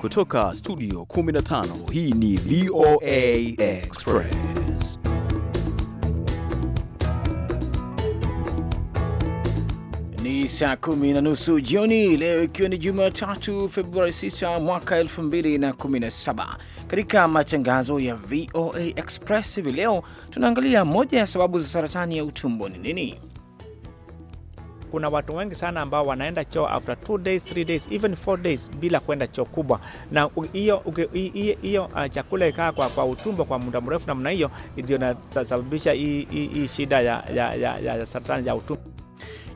Kutoka studio 15 hii ni VOA Express. Ni saa kumi na nusu jioni leo, ikiwa ni Jumatatu Februari 6 mwaka 2017. Katika matangazo ya VOA Express hivi leo tunaangalia moja ya sababu za saratani ya utumbo ni nini kuna watu wengi sana ambao wanaenda choo after two days, three days, even four days bila kwenda choo kubwa, na hiyo hiyo uh, chakula ikaa kwa, kwa utumbo kwa muda mrefu namna hiyo ndio inasababisha hii shida ya, ya, ya, ya saratani ya utumbo.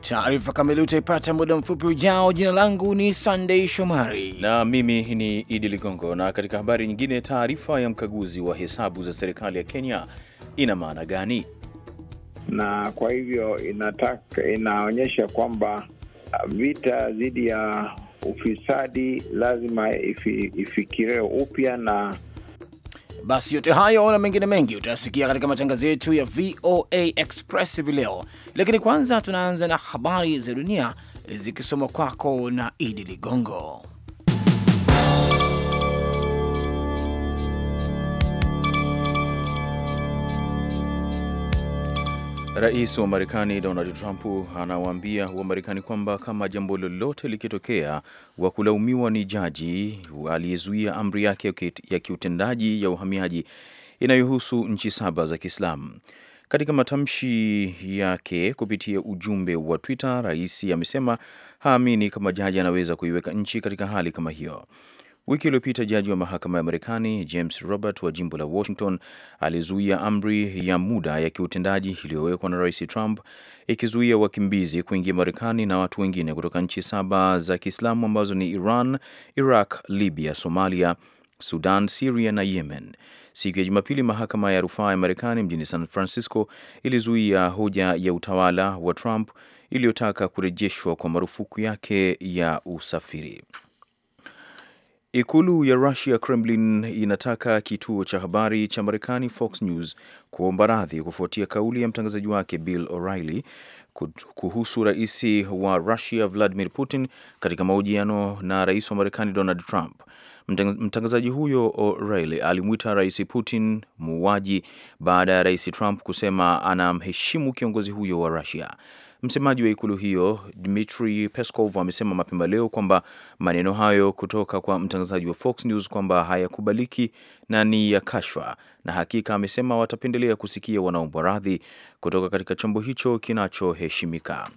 Taarifa kamili utaipata muda mfupi ujao. Jina langu ni Sunday Shomari na mimi ni Idi Ligongo. Na katika habari nyingine, taarifa ya mkaguzi wa hesabu za serikali ya Kenya ina maana gani? na kwa hivyo inataka, inaonyesha kwamba uh, vita dhidi ya ufisadi lazima ifi, ifikiriwe upya na basi yote hayo na mengine mengi utayasikia katika matangazo yetu ya VOA Express hivi leo, lakini kwanza tunaanza na habari za dunia zikisoma kwako na Idi Ligongo. Rais wa Marekani Donald Trump anawaambia Wamarekani kwamba kama jambo lolote likitokea, wa kulaumiwa ni jaji aliyezuia amri yake ya kiutendaji ya uhamiaji inayohusu nchi saba za Kiislamu. Katika matamshi yake kupitia ujumbe wa Twitter, rais amesema haamini kama jaji anaweza kuiweka nchi katika hali kama hiyo. Wiki iliyopita jaji wa mahakama ya Marekani James Robert wa jimbo la Washington alizuia amri ya muda ya kiutendaji iliyowekwa na Rais Trump ikizuia wakimbizi kuingia Marekani na watu wengine kutoka nchi saba za Kiislamu ambazo ni Iran, Iraq, Libya, Somalia, Sudan, Siria na Yemen. Siku ya Jumapili, mahakama ya rufaa ya Marekani mjini San Francisco ilizuia hoja ya utawala wa Trump iliyotaka kurejeshwa kwa marufuku yake ya usafiri. Ikulu ya Russia Kremlin inataka kituo cha habari cha Marekani Fox News kuomba radhi kufuatia kauli ya mtangazaji wake Bill O'Reilly kuhusu rais wa Russia Vladimir Putin katika mahojiano na rais wa Marekani Donald Trump. Mtangazaji huyo O'Reilly alimwita rais Putin muuaji baada ya rais Trump kusema anamheshimu kiongozi huyo wa Russia. Msemaji wa ikulu hiyo Dmitri Peskov amesema mapema leo kwamba maneno hayo kutoka kwa mtangazaji wa Fox News kwamba hayakubaliki na ni ya kashfa, na hakika amesema watapendelea kusikia wanaombwa radhi kutoka katika chombo hicho kinachoheshimika.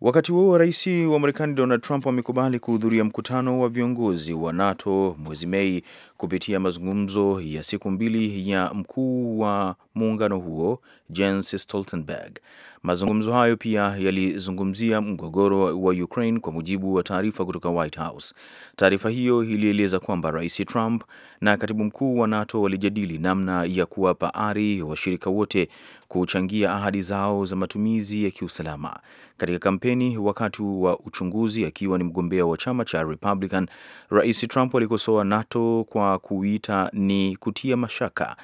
Wakati huo rais wa Marekani Donald Trump amekubali kuhudhuria mkutano wa viongozi wa NATO mwezi Mei kupitia mazungumzo ya siku mbili ya mkuu wa muungano huo Jens Stoltenberg. Mazungumzo hayo pia yalizungumzia mgogoro wa Ukraine kwa mujibu wa taarifa kutoka White House. Taarifa hiyo ilieleza kwamba Rais Trump na katibu mkuu wa NATO walijadili namna ya kuwapa ari washirika wote kuchangia ahadi zao za matumizi ya kiusalama katika kampeni wakati wa uchunguzi akiwa ni mgombea wa chama cha Republican. Rais Trump alikosoa NATO kwa kuita ni kutia mashaka,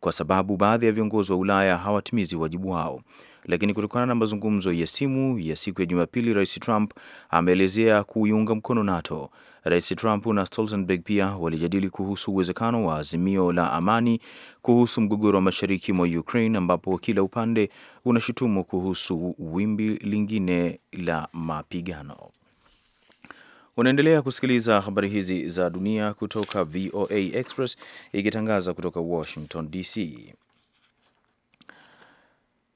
kwa sababu baadhi ya viongozi wa Ulaya hawatimizi wajibu wao lakini kutokana na mazungumzo ya simu ya siku ya Jumapili, Rais Trump ameelezea kuiunga mkono NATO. Rais Trump na Stoltenberg pia walijadili kuhusu uwezekano wa azimio la amani kuhusu mgogoro wa mashariki mwa Ukraine, ambapo kila upande unashutumu kuhusu wimbi lingine la mapigano. Unaendelea kusikiliza habari hizi za dunia kutoka VOA Express ikitangaza kutoka Washington DC.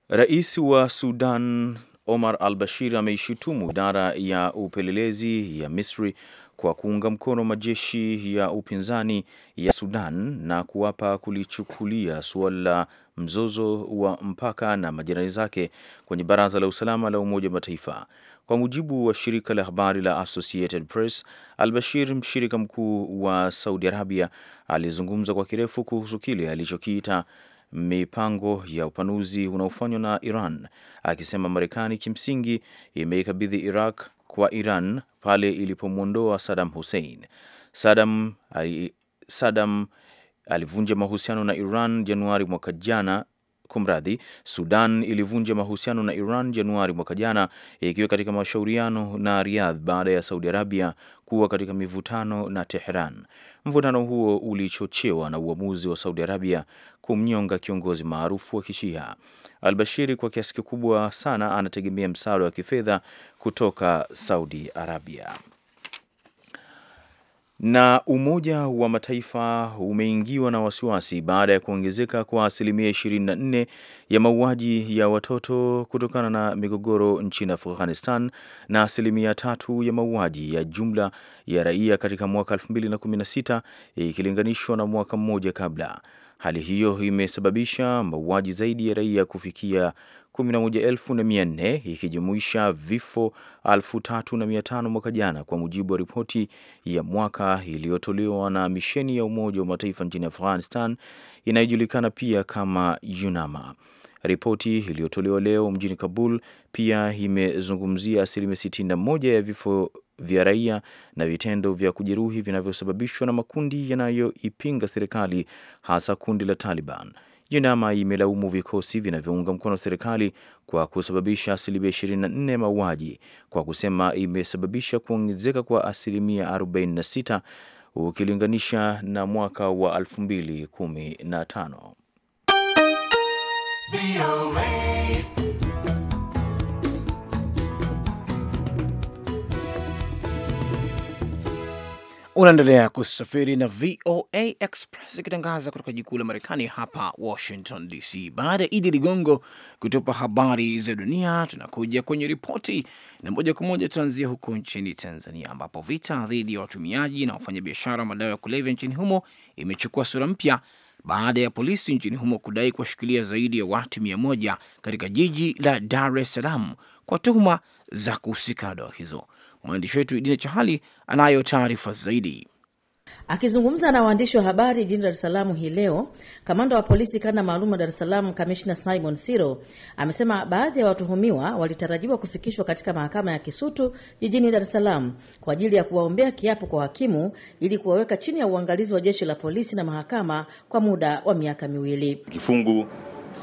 Rais wa Sudan Omar al Bashir ameishutumu idara ya upelelezi ya Misri kwa kuunga mkono majeshi ya upinzani ya Sudan na kuwapa kulichukulia suala la mzozo wa mpaka na majirani zake kwenye Baraza la Usalama la Umoja wa Mataifa. Kwa mujibu wa shirika la habari la Associated Press, al-Bashir, mshirika mkuu wa Saudi Arabia, alizungumza kwa kirefu kuhusu kile alichokiita mipango ya upanuzi unaofanywa na Iran, akisema Marekani kimsingi imeikabidhi Iraq kwa Iran pale ilipomwondoa Saddam Hussein. Saddam, ali, Saddam alivunja mahusiano na Iran Januari mwaka jana Kumradhi, Sudan ilivunja mahusiano na Iran Januari mwaka jana, ikiwa katika mashauriano na Riyadh baada ya Saudi Arabia kuwa katika mivutano na Tehran. Mvutano huo ulichochewa na uamuzi wa Saudi Arabia kumnyonga kiongozi maarufu wa Kishia. Al-Bashiri kwa kiasi kikubwa sana anategemea msaada wa kifedha kutoka Saudi Arabia. Na Umoja wa Mataifa umeingiwa na wasiwasi baada ya kuongezeka kwa asilimia 24 ya mauaji ya watoto kutokana na migogoro nchini Afghanistan na asilimia tatu ya mauaji ya jumla ya raia katika mwaka 2016 ikilinganishwa na mwaka mmoja kabla. Hali hiyo imesababisha mauaji zaidi ya raia kufikia 11,400 ikijumuisha vifo 3,500 mwaka jana, kwa mujibu wa ripoti ya mwaka iliyotolewa na misheni ya Umoja wa Mataifa nchini Afghanistan inayojulikana pia kama UNAMA. Ripoti iliyotolewa leo mjini Kabul pia imezungumzia asilimia 61 ya vifo vya raia na vitendo vya kujeruhi vinavyosababishwa na makundi yanayoipinga serikali hasa kundi la Taliban. yunama imelaumu vikosi vinavyounga mkono serikali kwa kusababisha asilimia 24 ya mauaji kwa kusema imesababisha kuongezeka kwa asilimia 46 ukilinganisha na mwaka wa 2015. Unaendelea kusafiri na VOA Express ikitangaza kutoka jikuu la Marekani hapa Washington DC. Baada ya Idi Ligongo kutupa habari za dunia, tunakuja kwenye ripoti na moja kwa moja tunaanzia huko nchini Tanzania, ambapo vita dhidi ya watumiaji na wafanyabiashara wa madawa ya kulevya nchini humo imechukua sura mpya baada ya polisi nchini humo kudai kuwashikilia zaidi ya watu mia moja katika jiji la Dar es Salaam kwa tuhuma za kuhusika na dawa hizo. Mwandishi wetu Idina Chahali anayo taarifa zaidi. Akizungumza na waandishi wa habari jijini Dar es Salaam hii leo, kamanda wa polisi kanda maalum wa Dar es Salaam, kamishna Simon Siro amesema baadhi ya watuhumiwa walitarajiwa kufikishwa katika mahakama ya Kisutu jijini Dar es Salaam kwa ajili ya kuwaombea kiapo kwa hakimu ili kuwaweka chini ya uangalizi wa jeshi la polisi na mahakama kwa muda wa miaka miwili. Kifungu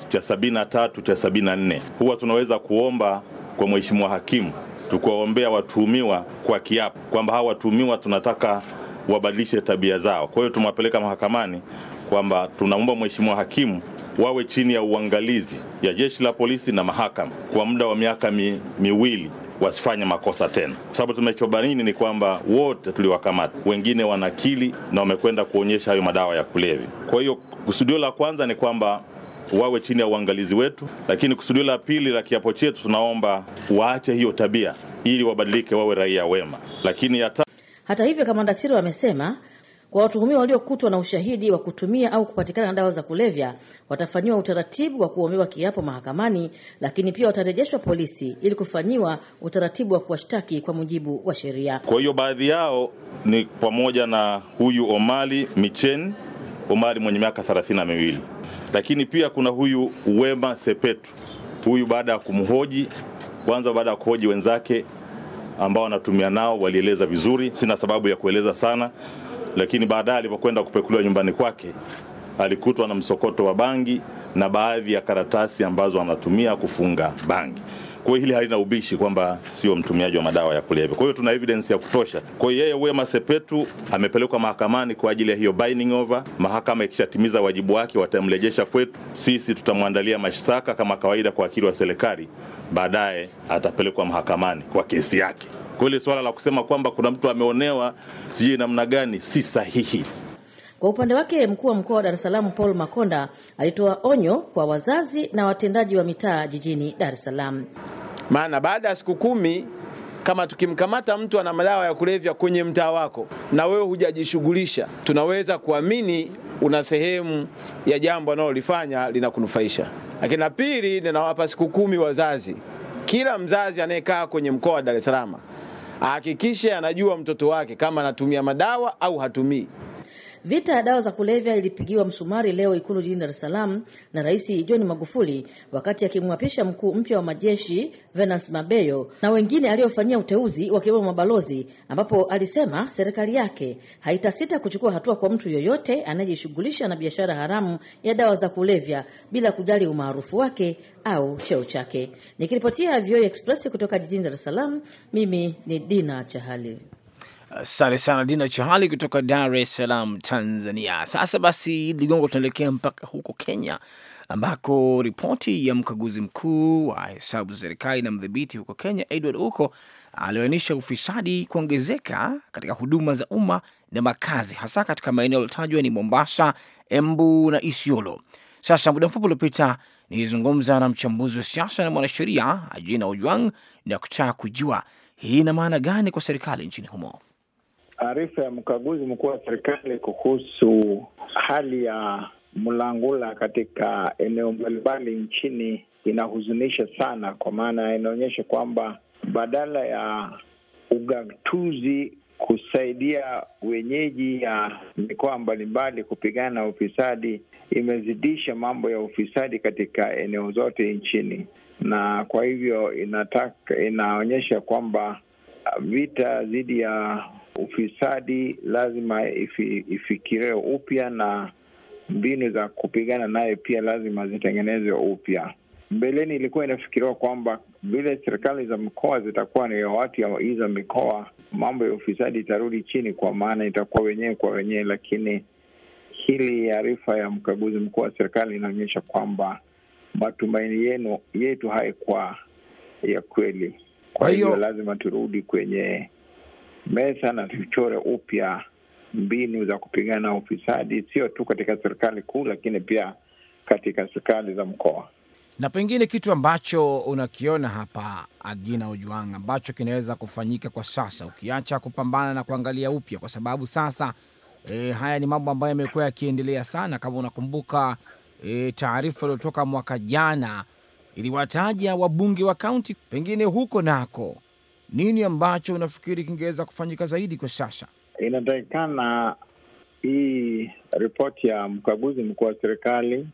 cha 73 cha 74 huwa tunaweza kuomba kwa mheshimiwa hakimu tukiwaombea watuhumiwa kwa kiapo kwamba hawa watuhumiwa tunataka wabadilishe tabia zao. Kwa hiyo tumewapeleka mahakamani kwamba tunaomba mheshimiwa hakimu wawe chini ya uangalizi ya jeshi la polisi na mahakama kwa muda wa miaka mi, miwili wasifanye makosa tena, kwa sababu tumechobanini ni kwamba wote tuliwakamata, wengine wanakili na wamekwenda kuonyesha hayo madawa ya kulevi. Kwa hiyo kusudio la kwanza ni kwamba wawe chini ya uangalizi wetu, lakini kusudio la pili la kiapo chetu tunaomba waache hiyo tabia ili wabadilike, wawe raia wema. Lakini hata, hata hivyo, kamanda Siro amesema kwa watuhumiwa waliokutwa na ushahidi wa kutumia au kupatikana na dawa za kulevya watafanyiwa utaratibu wa kuomewa kiapo mahakamani, lakini pia watarejeshwa polisi ili kufanyiwa utaratibu wa kuwashtaki kwa mujibu wa sheria. Kwa hiyo baadhi yao ni pamoja na huyu Omari Micheni Omari mwenye miaka thelathini na miwili. Lakini pia kuna huyu Wema Sepetu, huyu baada ya kumhoji kwanza, baada ya kuhoji wenzake ambao wanatumia nao walieleza vizuri, sina sababu ya kueleza sana, lakini baadaye alipokwenda kupekuliwa nyumbani kwake alikutwa na msokoto wa bangi na baadhi ya karatasi ambazo anatumia kufunga bangi. Kwa hili halina ubishi kwamba sio mtumiaji wa madawa ya kulevya. Kwa hiyo tuna evidence ya kutosha. Kwa hiyo yeye Wema Sepetu amepelekwa mahakamani kwa ajili ya hiyo binding over. Mahakama ikishatimiza wajibu wake, watamrejesha kwetu sisi, tutamwandalia mashtaka kama kawaida kwa wakili wa serikali, baadaye atapelekwa mahakamani kwa kesi yake. Kwa hiyo swala la kusema kwamba kuna mtu ameonewa sijui namna gani, si sahihi. Kwa upande wake mkuu wa mkoa wa Dar es Salaam Paul Makonda alitoa onyo kwa wazazi na watendaji wa mitaa jijini Dar es Salaam. Maana baada ya siku kumi kama tukimkamata mtu ana madawa ya kulevya kwenye mtaa wako na wewe hujajishughulisha, tunaweza kuamini una sehemu ya jambo analolifanya linakunufaisha. Lakini la pili, ninawapa siku kumi wazazi. Kila mzazi anayekaa kwenye mkoa wa Dar es Salaam ahakikishe anajua mtoto wake kama anatumia madawa au hatumii. Vita ya dawa za kulevya ilipigiwa msumari leo Ikulu jijini Dar es Salaam na Rais John Magufuli wakati akimwapisha mkuu mpya wa majeshi Venance Mabeyo na wengine aliyofanyia uteuzi wakiwemo mabalozi, ambapo alisema serikali yake haitasita kuchukua hatua kwa mtu yoyote anayejishughulisha na biashara haramu ya dawa za kulevya bila kujali umaarufu wake au cheo chake. Nikiripotia VOA e Express kutoka jijini Dar es Salaam, mimi ni Dina Chahali. Asante sana Dina Chahali kutoka Dar es Salaam, Tanzania. Sasa basi, Ligongo, tunaelekea mpaka huko Kenya ambako ripoti ya mkaguzi mkuu wa hesabu za serikali na mdhibiti huko Kenya Edward Uko aliainisha ufisadi kuongezeka katika huduma za umma na makazi, hasa katika maeneo yaliyotajwa ni Mombasa, Embu na Isiolo. Sasa muda mfupi uliopita nilizungumza na mchambuzi wa siasa na mwanasheria Ajina Ojwang na kutaka kujua hii ina maana gani kwa serikali nchini humo taarifa ya mkaguzi mkuu wa serikali kuhusu hali ya mlangula katika eneo mbalimbali nchini inahuzunisha sana, kwa maana inaonyesha kwamba badala ya ugatuzi kusaidia wenyeji ya mikoa mbalimbali kupigana na ufisadi, imezidisha mambo ya ufisadi katika eneo zote nchini, na kwa hivyo inataka, inaonyesha kwamba vita dhidi ya ufisadi lazima ifikiriwe upya na mbinu za kupigana naye pia lazima zitengenezwe upya. Mbeleni ilikuwa inafikiriwa kwamba vile serikali za mkoa zitakuwa ni watu ya hizo mikoa, mambo ya ufisadi itarudi chini, kwa maana itakuwa wenyewe kwa wenyewe, lakini hili arifa ya mkaguzi mkuu wa serikali inaonyesha kwamba matumaini yenu yetu haikuwa ya kweli. Kwa hiyo lazima turudi kwenye meza na tuchore upya mbinu za kupigana na ufisadi, sio tu katika serikali kuu, lakini pia katika serikali za mkoa. Na pengine kitu ambacho unakiona hapa, Agina ujuang ambacho kinaweza kufanyika kwa sasa, ukiacha kupambana na kuangalia upya, kwa sababu sasa e, haya ni mambo ambayo yamekuwa yakiendelea sana. Kama unakumbuka e, taarifa iliyotoka mwaka jana iliwataja wabunge wa kaunti, pengine huko nako nini ambacho unafikiri kingeweza kufanyika zaidi kwa sasa? Inatakikana hii ripoti ya mkaguzi mkuu wa serikali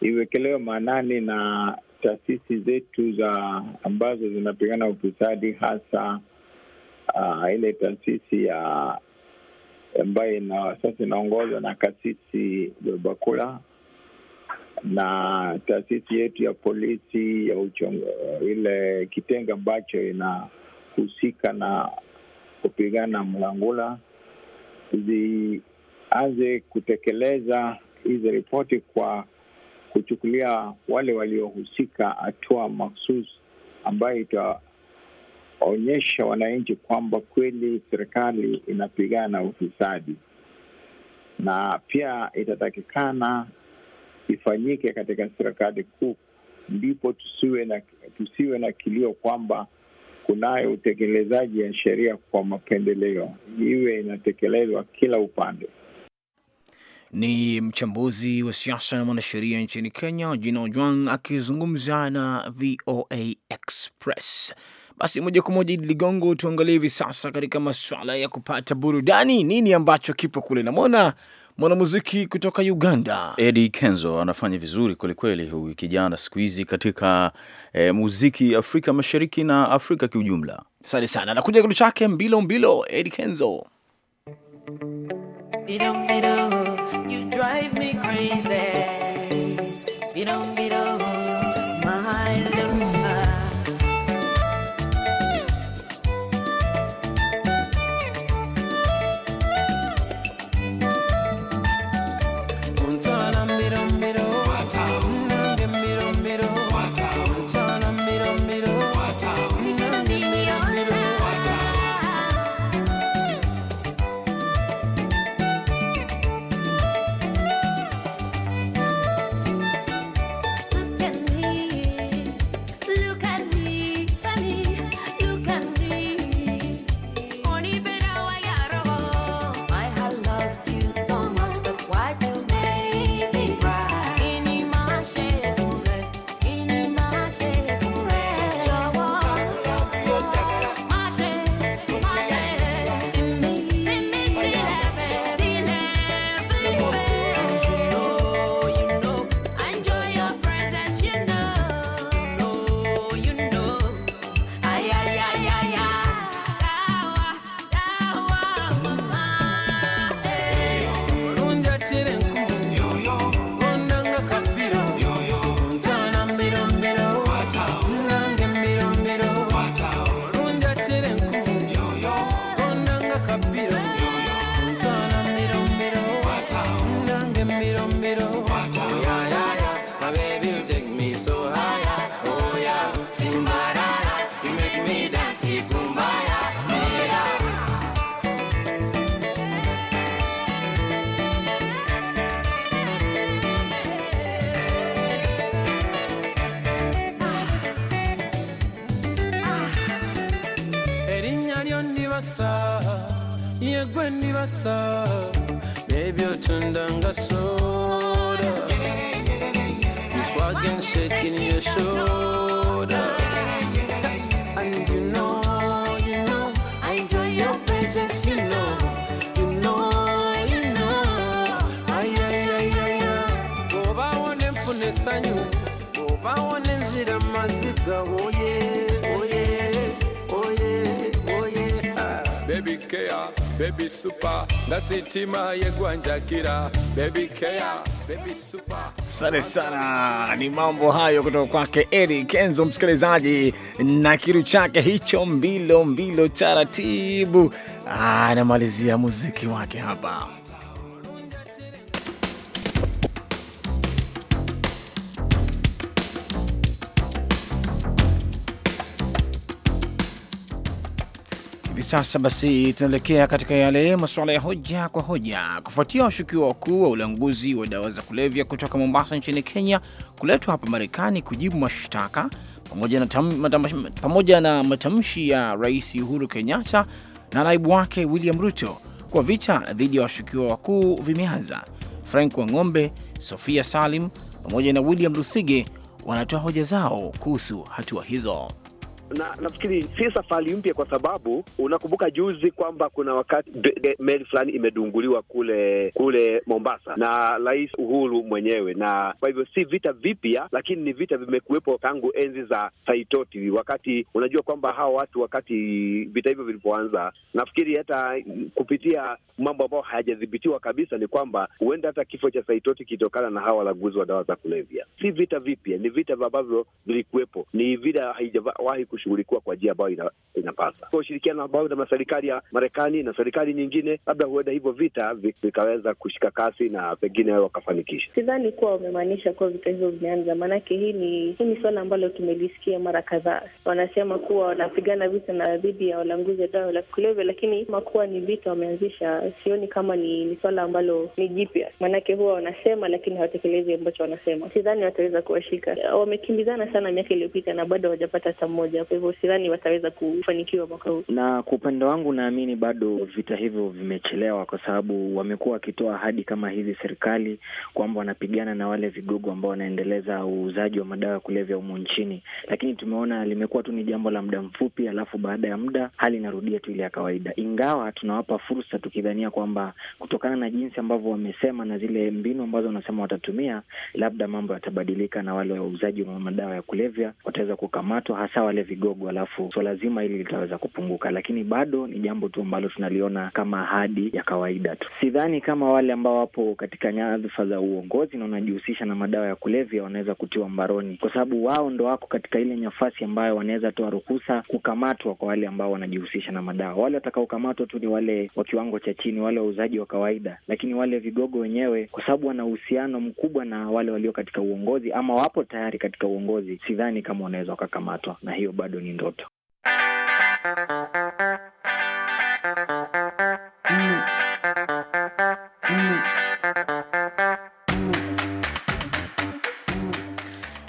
iwekelewe maanani na taasisi zetu za ambazo zinapigana ufisadi, hasa uh, ile taasisi ya ambayo ina, sasa inaongozwa na kasisi Bebakula na taasisi yetu ya polisi ya uchongo, ile kitengo ambacho ina kuhusika na kupigana mlangula zianze kutekeleza hizi ripoti kwa kuchukulia wale waliohusika hatua maksus ambayo itaonyesha wananchi kwamba kweli serikali inapigana ufisadi, na pia itatakikana ifanyike katika serikali kuu, ndipo tusiwe na tusiwe na kilio kwamba kunayo utekelezaji ya sheria kwa mapendeleo, iwe inatekelezwa kila upande. Ni mchambuzi wa siasa na mwanasheria nchini Kenya, Jina Ojwang akizungumza na VOA Express. Basi moja kwa moja, Idi Ligongo, tuangalie hivi sasa katika masuala ya kupata burudani, nini ambacho kipo kule. Namwona mwanamuziki kutoka Uganda Eddie Kenzo anafanya vizuri kwelikweli, huyu kijana siku hizi katika e, muziki Afrika Mashariki na Afrika kiujumla. Asante sana, anakuja kitu chake mbilo mbilo, Eddie Kenzo Bido, bido, you drive me crazy. Kabila ni basa n'ebyotunda nga soda swaggin shaking your shoulder and you know you know I enjoy your presence you know you know you know ay ay ay ay bw'oba wona enfuna essanyu bw'oba woye oh yeah. baby care baby super ndasitima yegwanjakira baby care baby super. sana, ni mambo hayo kutoka kwake Eri Kenzo, msikilizaji na kitu chake hicho mbilo mbilo, taratibu ah, anamalizia muziki wake hapa. sasa basi tunaelekea katika yale masuala ya hoja kwa hoja. Kufuatia washukiwa wakuu wa ulanguzi wa dawa za kulevya kutoka Mombasa nchini Kenya kuletwa hapa Marekani kujibu mashtaka pamoja na, pamoja na matamshi ya Rais Uhuru Kenyatta na naibu wake William Ruto kwa vita dhidi ya washukiwa wakuu vimeanza. Frank Wang'ombe, Sofia Salim pamoja na William Lusige wanatoa hoja zao kuhusu hatua hizo na nafikiri si safari mpya, kwa sababu unakumbuka juzi kwamba kuna wakati meli fulani imedunguliwa kule kule Mombasa na Rais Uhuru mwenyewe, na kwa hivyo si vita vipya, lakini ni vita vimekuwepo tangu enzi za Saitoti, wakati unajua kwamba hawa watu wakati vita hivyo vilivyoanza, nafikiri hata kupitia mambo ambayo hayajadhibitiwa kabisa, ni kwamba huenda hata kifo cha Saitoti kitokana na hawa walaguzi wa dawa za kulevya. Si vita vipya, ni vita ambavyo vilikuwepo, ni vita haijawahi kushughulikiwa kwa njia ambayo inapasa kwa ushirikiano ambao na serikali ya Marekani na serikali nyingine, labda huenda hivyo vita vikaweza kushika kasi na pengine wakafanikisha. Sidhani kuwa wamemaanisha kuwa vita hivyo vimeanza, maanake hii ni hii ni suala ambalo tumelisikia mara kadhaa. Wanasema kuwa wanapigana vita na dhidi ya walanguzi wa dawa la kulevya, lakini ma kuwa ni vita wameanzisha, sioni kama ni, ni suala ambalo ni jipya, maanake huwa wanasema lakini hawatekelezi ambacho wanasema. Sidhani wataweza kuwashika. Wamekimbizana sana miaka iliyopita na bado hawajapata hata mmoja. Kwa hivyo sidhani wataweza kufanikiwa mwaka huu, na kwa upande wangu naamini bado vita hivyo vimechelewa, kwa sababu wamekuwa wakitoa ahadi kama hizi serikali kwamba wanapigana na wale vigogo ambao wanaendeleza uuzaji wa madawa ya kulevya humu nchini, lakini tumeona limekuwa tu ni jambo la muda mfupi, alafu baada ya muda hali inarudia tu ile ya kawaida, ingawa tunawapa fursa tukidhania kwamba kutokana na jinsi ambavyo wamesema na zile mbinu ambazo wanasema watatumia, labda mambo yatabadilika na wale wauzaji wa madawa ya kulevya wataweza kukamatwa, hasa wale vigogo, alafu swala zima hili litaweza kupunguka, lakini bado ni jambo tu ambalo tunaliona kama ahadi ya kawaida tu. Sidhani kama wale ambao wapo katika nyadhifa za uongozi na wanajihusisha na madawa ya kulevya wanaweza kutiwa mbaroni, kwa sababu wao ndo wako katika ile nafasi ambayo wanaweza toa ruhusa kukamatwa kwa wale ambao wanajihusisha na madawa. Wale watakaokamatwa tu ni wale wa kiwango cha chini, wale wauzaji wa kawaida, lakini wale vigogo wenyewe, kwa sababu wana uhusiano mkubwa na wale walio katika uongozi ama wapo tayari katika uongozi, sidhani kama wanaweza wakakamatwa na hiyo bado ni ndoto.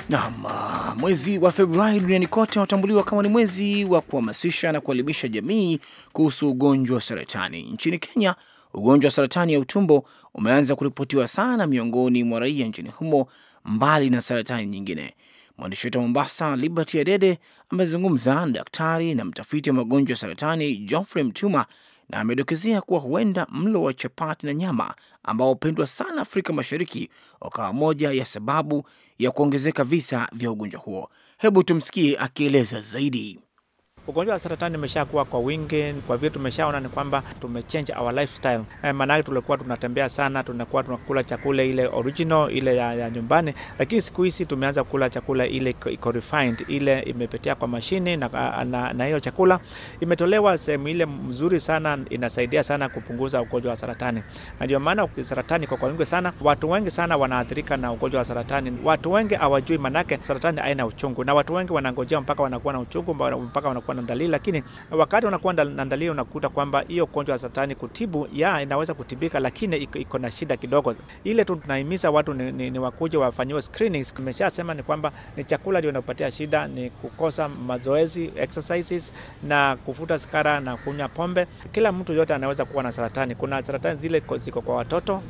Naam, mwezi wa Februari duniani kote unatambuliwa kama ni mwezi wa kuhamasisha na kuelimisha jamii kuhusu ugonjwa wa saratani. Nchini Kenya, ugonjwa wa saratani ya utumbo umeanza kuripotiwa sana miongoni mwa raia nchini humo, mbali na saratani nyingine. Mwandishi wetu wa Mombasa, Liberty Adede, amezungumza na daktari na mtafiti wa magonjwa ya saratani Geoffrey Mtuma na amedokezea kuwa huenda mlo wa chapati na nyama ambao hupendwa sana Afrika Mashariki ukawa moja ya sababu ya kuongezeka visa vya ugonjwa huo. Hebu tumsikie akieleza zaidi ugonjwa wa saratani imeshakuwa kwa wingi, kwa vile tumeshaona ni kwamba tumechange our lifestyle. e, eh, Maanake tulikuwa tunatembea sana, tunakuwa tunakula chakula ile original ile ya, ya nyumbani, lakini siku hizi tumeanza kula chakula ile iko refined, ile imepetea kwa mashine na, na, na, na hiyo chakula imetolewa sehemu ile mzuri sana, inasaidia sana kupunguza ugonjwa wa saratani, na ndio maana saratani kwa wingi sana, watu wengi sana wanaathirika na ugonjwa wa saratani. Watu wengi hawajui, maanake saratani haina uchungu, na watu wengi wanangojea mpaka wanakuwa na uchungu mpaka wanakuwa na dalili, lakini wakati unakuwa na dalili unakuta kwamba hiyo ugonjwa wa saratani kutibu ya inaweza kutibika, lakini iko na shida kidogo. Ile tu tunahimiza watu ni, ni, ni wakuje wafanyiwe screenings. Nimeshasema ni kwamba ni chakula ndio inapatia shida, ni kukosa mazoezi exercises, na kufuta sikara na kunywa pombe. Kila mtu yote anaweza kuwa na saratani. Kuna saratani zile ziko kwa watoto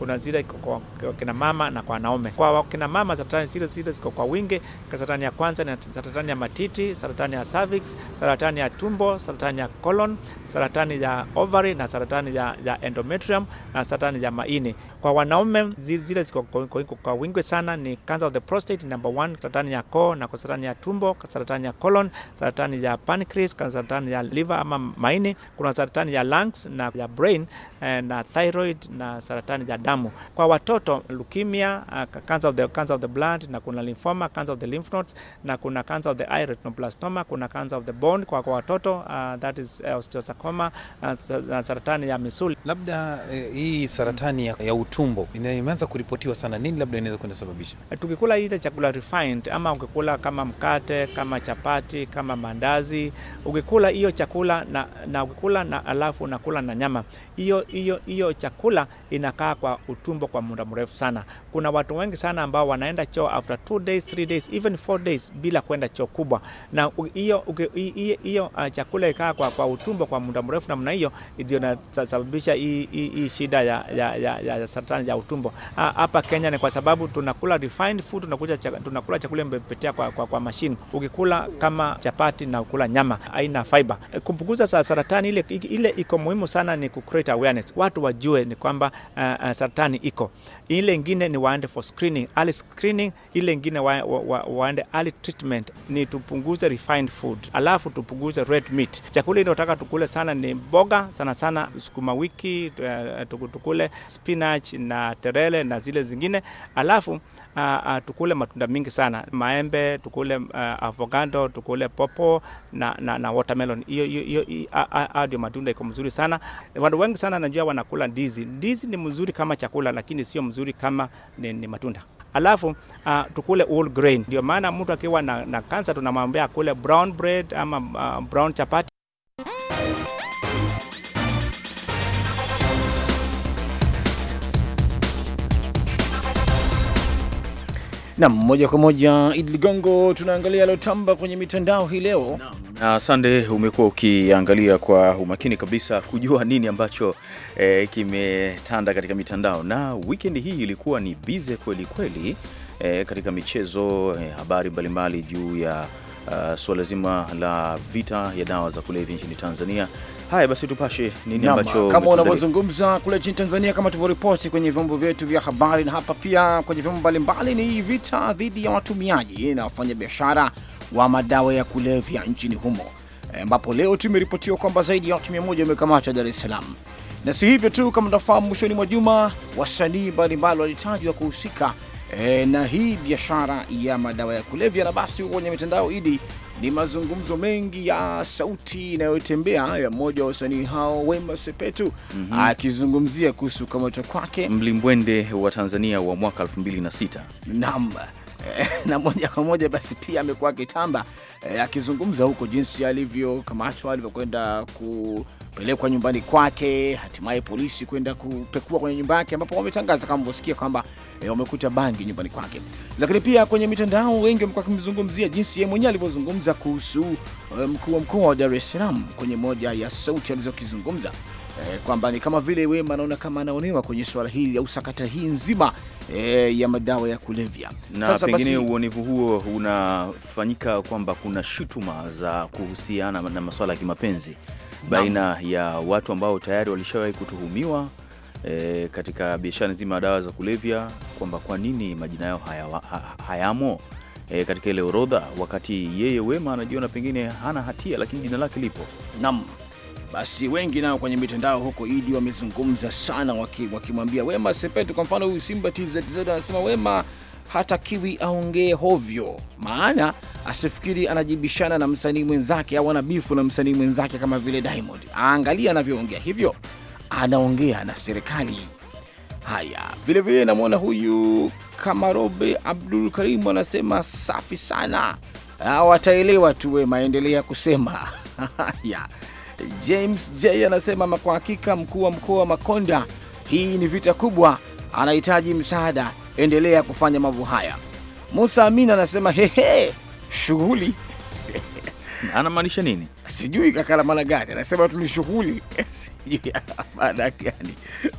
kuna zile kwa kina mama na kwa wanaume. Kwa kina mama saratani zile zile ziko kwa wingi, kwa saratani ya kwanza ni saratani ya matiti, saratani ya cervix, saratani ya tumbo, saratani ya colon, saratani ya ovary na saratani ya, ya endometrium na saratani ya maini. Kwa wanaume zile ziko kwa kwa, kwa wingi sana ni cancer of the prostate number one, saratani ya koo na kwa saratani ya tumbo, kwa saratani ya colon, saratani ya pancreas, kwa saratani ya liver ama maini, kuna saratani ya lungs na ya brain na thyroid na saratani ya damu damu. Kwa watoto leukemia, uh, cancer of the, cancer of the blood na kuna lymphoma, cancer of the lymph nodes na kuna cancer of the eye retinoblastoma, kuna cancer of the bone kwa, kwa watoto uh, that is uh, osteosarcoma na, uh, na saratani ya misuli. Labda eh, hii saratani ya, ya utumbo inaanza kuripotiwa sana, nini labda inaweza kwenda sababisha? Uh, Tukikula ile chakula refined ama ukikula kama mkate kama chapati kama mandazi, ukikula hiyo chakula na, na ukikula na alafu unakula na nyama hiyo hiyo hiyo chakula inakaa kwa utumbo kwa muda mrefu sana. Kuna watu wengi sana ambao wanaenda choo after 2 days, 3 days, even 4 days bila kwenda choo kubwa. Na hiyo hiyo uh, chakula ikaa kwa, kwa utumbo kwa muda mrefu namna hiyo ndio inasababisha hii shida ya, ya, ya, ya saratani ya utumbo. Ah, hapa Kenya ni kwa sababu tunakula refined food, tunakula tunakula chakula mbepetea kwa, kwa, kwa mashine. Ukikula kama chapati na ukula nyama aina fiber. kupunguza saratani ile ile iko muhimu sana ni ku create awareness. Watu wajue ni kwamba uh, saratani iko. Ile ingine ni waende for screening, early screening. Ile ingine wa, wa, wa, waende early treatment, ni tupunguze refined food, alafu tupunguze red meat. Chakula inayotaka tukule sana ni mboga sana sana, sukuma wiki eh, tukule spinach na terele na zile zingine, alafu uh, tukule matunda mingi sana, maembe tukule, uh, avocado tukule, popo na, na, na watermelon. Hiyo matunda iko mzuri sana. Watu wengi sana najua wanakula ndizi. Ndizi ni mzuri kama chakula, lakini sio mzuri kama ni, ni matunda. Alafu uh, tukule all grain. Ndio maana mtu akiwa na, na kansa tunamwambia akule brown bread ama uh, brown chapati Nam moja kwa moja Idi Ligongo, tunaangalia alotamba kwenye mitandao hii leo na uh, Sande, umekuwa ukiangalia kwa umakini kabisa kujua nini ambacho eh, kimetanda katika mitandao, na wikendi hii ilikuwa ni bize kweli kweli, eh, katika michezo eh, habari mbalimbali juu ya uh, suala zima la vita ya dawa za kulevya nchini Tanzania Haya basi, tupashe nini ambacho kama unavyozungumza kule nchini Tanzania, kama tulivyoripoti kwenye vyombo vyetu vya habari na hapa pia kwenye vyombo mbalimbali, ni vita dhidi ya watumiaji na wafanyabiashara wa madawa ya kulevya nchini humo, e, ambapo e, leo tu imeripotiwa kwamba zaidi ya watu mia moja wamekamatwa Dar es Salaam. Na si hivyo tu, kama tunafahamu, mwishoni mwa juma wasanii mbalimbali walitajwa kuhusika e, na hii biashara ya madawa ya kulevya. Na basi huko kwenye mitandao idi ni mazungumzo mengi ya sauti inayotembea ya mmoja wa wasanii hao Wema Sepetu mm -hmm. akizungumzia kuhusu kamato kwake mlimbwende wa Tanzania wa mwaka 2006 nam na moja kwa moja basi pia amekuwa akitamba e, akizungumza huko jinsi alivyokamatwa alivyokwenda ku kupelekwa nyumbani kwake, hatimaye polisi kwenda kupekua kwenye nyumba yake, ambapo wametangaza kama mvyosikia kwamba eh, wamekuta bangi nyumbani kwake. Lakini pia kwenye mitandao wengi wamekuwa wakimzungumzia jinsi yeye mwenyewe alivyozungumza kuhusu eh, mkuu wa mkoa wa Dar es Salaam kwenye moja ya sauti alizokizungumza eh, kwamba ni kama vile Wema anaona kama anaonewa kwenye swala hili au sakata hii nzima e, ya madawa ya kulevya. Na sasa pengine basi... uonevu huo unafanyika kwamba kuna shutuma za kuhusiana na masuala ya kimapenzi baina ya watu ambao tayari walishawahi kutuhumiwa e, katika biashara nzima ya dawa za kulevya kwamba kwa nini majina yao haya, ha, hayamo e, katika ile orodha, wakati yeye Wema anajiona pengine hana hatia, lakini jina lake lipo. nam Basi wengi nao kwenye mitandao huko Idi wamezungumza sana, wakimwambia waki Wema Sepetu. Kwa mfano huyu Simba anasema Wema hatakiwi aongee hovyo, maana asifikiri anajibishana na msanii mwenzake au anabifu na msanii mwenzake kama vile Diamond. Aangalia anavyoongea hivyo, anaongea na serikali. Haya, vilevile namwona huyu Kamarobe Abdul Karimu anasema safi sana, wataelewa tuwe maendeleo ya kusema haya. James J anasema kwa hakika, mkuu wa mkoa wa Makonda, hii ni vita kubwa, anahitaji msaada endelea kufanya mavu haya. Musa Amin anasema hehe, shughuli anamaanisha nini? Sijui kakala maana gani, anasema tuni shughuli maana gani.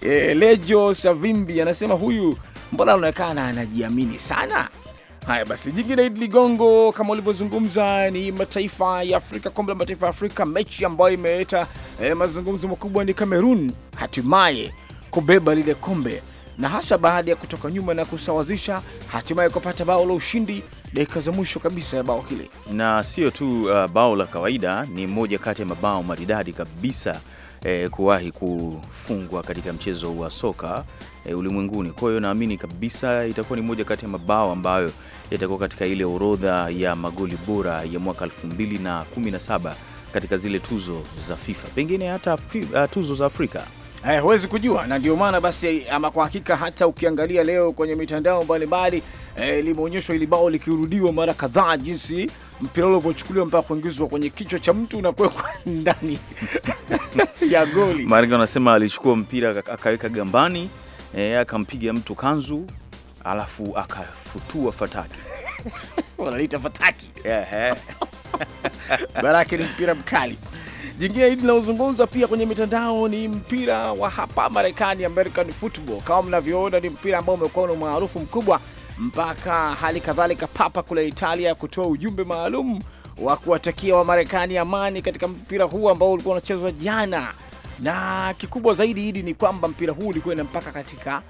E, Lejo Savimbi anasema huyu mbona anaonekana anajiamini sana. Haya basi, jingine Idi Ligongo, kama ulivyozungumza ni mataifa ya Afrika, kombe la mataifa ya Afrika. Mechi ambayo imeleta eh, mazungumzo makubwa ni Kamerun hatimaye kubeba lile kombe na hasa baada ya kutoka nyuma na kusawazisha, hatimaye kupata bao la ushindi dakika za mwisho kabisa ya bao hili. Na sio tu uh, bao la kawaida, ni moja kati ya mabao maridadi kabisa eh, kuwahi kufungwa katika mchezo wa soka eh, ulimwenguni. Kwa hiyo naamini kabisa itakuwa ni moja kati ya mabao ambayo yatakuwa katika ile orodha ya magoli bora ya mwaka 2017 katika zile tuzo za FIFA, pengine hata uh, tuzo za Afrika eh, huwezi kujua, na ndio maana basi, ama kwa hakika, hata ukiangalia leo kwenye mitandao mbalimbali eh, limeonyeshwa ili bao likirudiwa mara kadhaa, jinsi mpira ulivyochukuliwa mpaka kuingizwa kwenye kichwa cha mtu na kuwekwa ndani ya goli. Maana anasema alichukua mpira akaweka gambani, eh, akampiga mtu kanzu, alafu akafutua fataki wanaita fataki. Baraka ni mpira mkali. Jingine hili linalozungumza pia kwenye mitandao ni mpira wa hapa Marekani, American football. Kama mnavyoona, ni mpira ambao umekuwa na umaarufu mkubwa, mpaka hali kadhalika Papa kule Italia kutoa ujumbe maalum wa kuwatakia Wamarekani amani katika mpira huu ambao ulikuwa unachezwa jana, na kikubwa zaidi hili ni kwamba mpira huu ulikuwa na mpaka katika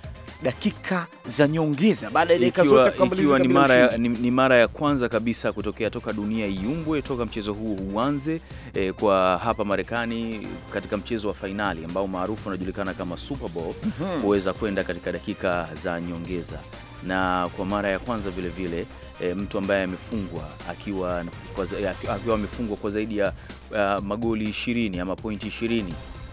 dakika za nyongeza baada ya dakika zote kukamilika. ni mara, ni, ni mara ya kwanza kabisa kutokea toka dunia iungwe toka mchezo huu uanze eh, kwa hapa Marekani katika mchezo wa fainali ambao maarufu unajulikana kama Super Bowl mhm. kuweza mm -hmm. kwenda katika dakika za nyongeza na kwa mara ya kwanza vilevile vile, E, mtu ambaye amefungwa akiwa akiwa amefungwa kwa zaidi ya uh, magoli 20 ama pointi 20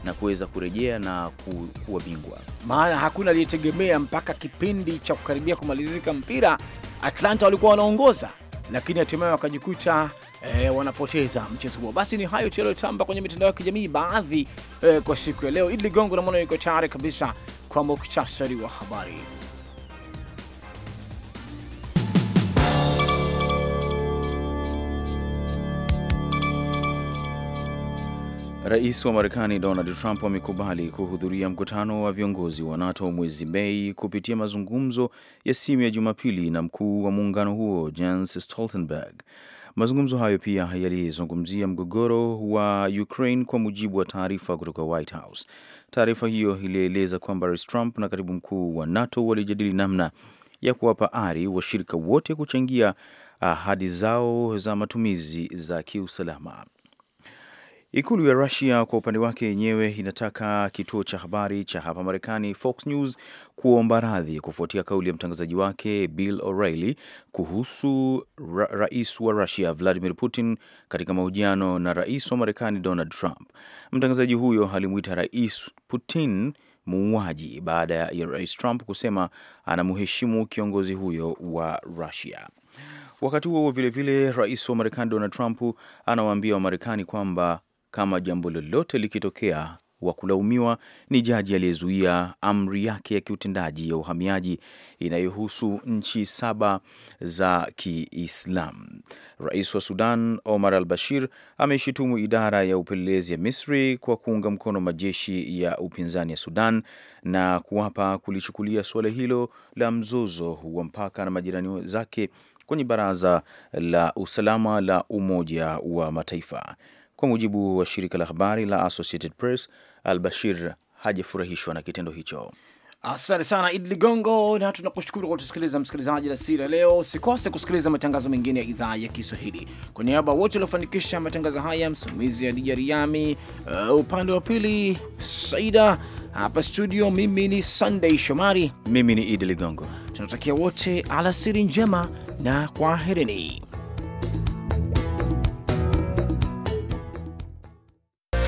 na kuweza kurejea na ku, kuwa bingwa, maana hakuna aliyetegemea mpaka kipindi cha kukaribia kumalizika mpira Atlanta walikuwa wanaongoza, lakini hatimaye wakajikuta E, wanapoteza mchezo huo. Basi ni hayo tu kwenye mitandao ya kijamii baadhi e, kwa siku ya leo. Idi Ligongo namwona yuko tayari kabisa kwa muktasari wa habari. Rais wa Marekani Donald Trump amekubali kuhudhuria mkutano wa viongozi wa NATO mwezi Mei kupitia mazungumzo ya simu ya Jumapili na mkuu wa muungano huo Jens Stoltenberg. Mazungumzo hayo pia yalizungumzia mgogoro wa Ukraine kwa mujibu wa taarifa kutoka White House. Taarifa hiyo ilieleza kwamba Rais Trump na katibu mkuu wa NATO walijadili namna ya kuwapa ari washirika wote kuchangia ahadi zao za matumizi za kiusalama. Ikulu ya Rusia kwa upande wake yenyewe inataka kituo cha habari cha hapa Marekani Fox News kuomba radhi kufuatia kauli ya mtangazaji wake Bill O'Reilly kuhusu ra rais wa Rusia Vladimir Putin katika mahojiano na rais wa Marekani Donald Trump. Mtangazaji huyo alimwita Rais Putin muuaji baada ya Rais Trump kusema anamheshimu kiongozi huyo wa Rusia. Wakati huo vilevile, rais wa Marekani Donald Trump anawaambia Wamarekani kwamba kama jambo lolote likitokea, wa kulaumiwa ni jaji aliyezuia amri yake ya kiutendaji ya uhamiaji inayohusu nchi saba za kiislam Rais wa Sudan Omar al Bashir ameshutumu idara ya upelelezi ya Misri kwa kuunga mkono majeshi ya upinzani ya Sudan na kuwapa kulichukulia suala hilo la mzozo wa mpaka na majirani zake kwenye Baraza la Usalama la Umoja wa Mataifa. Kwa mujibu wa shirika la habari la Associated Press, al-Bashir hajafurahishwa na kitendo hicho. Asante sana Idi Ligongo, na tunakushukuru kwa kutusikiliza msikilizaji alasiri ya leo. Usikose kusikiliza matangazo mengine ya idhaa ya Kiswahili. Kwa niaba wote waliofanikisha matangazo haya, msimamizi Adija Riami, uh, upande wa pili Saida hapa studio, mimi ni Sunday Shomari, mimi ni Idi Ligongo. Tunatakia wote alasiri njema na kwaherini.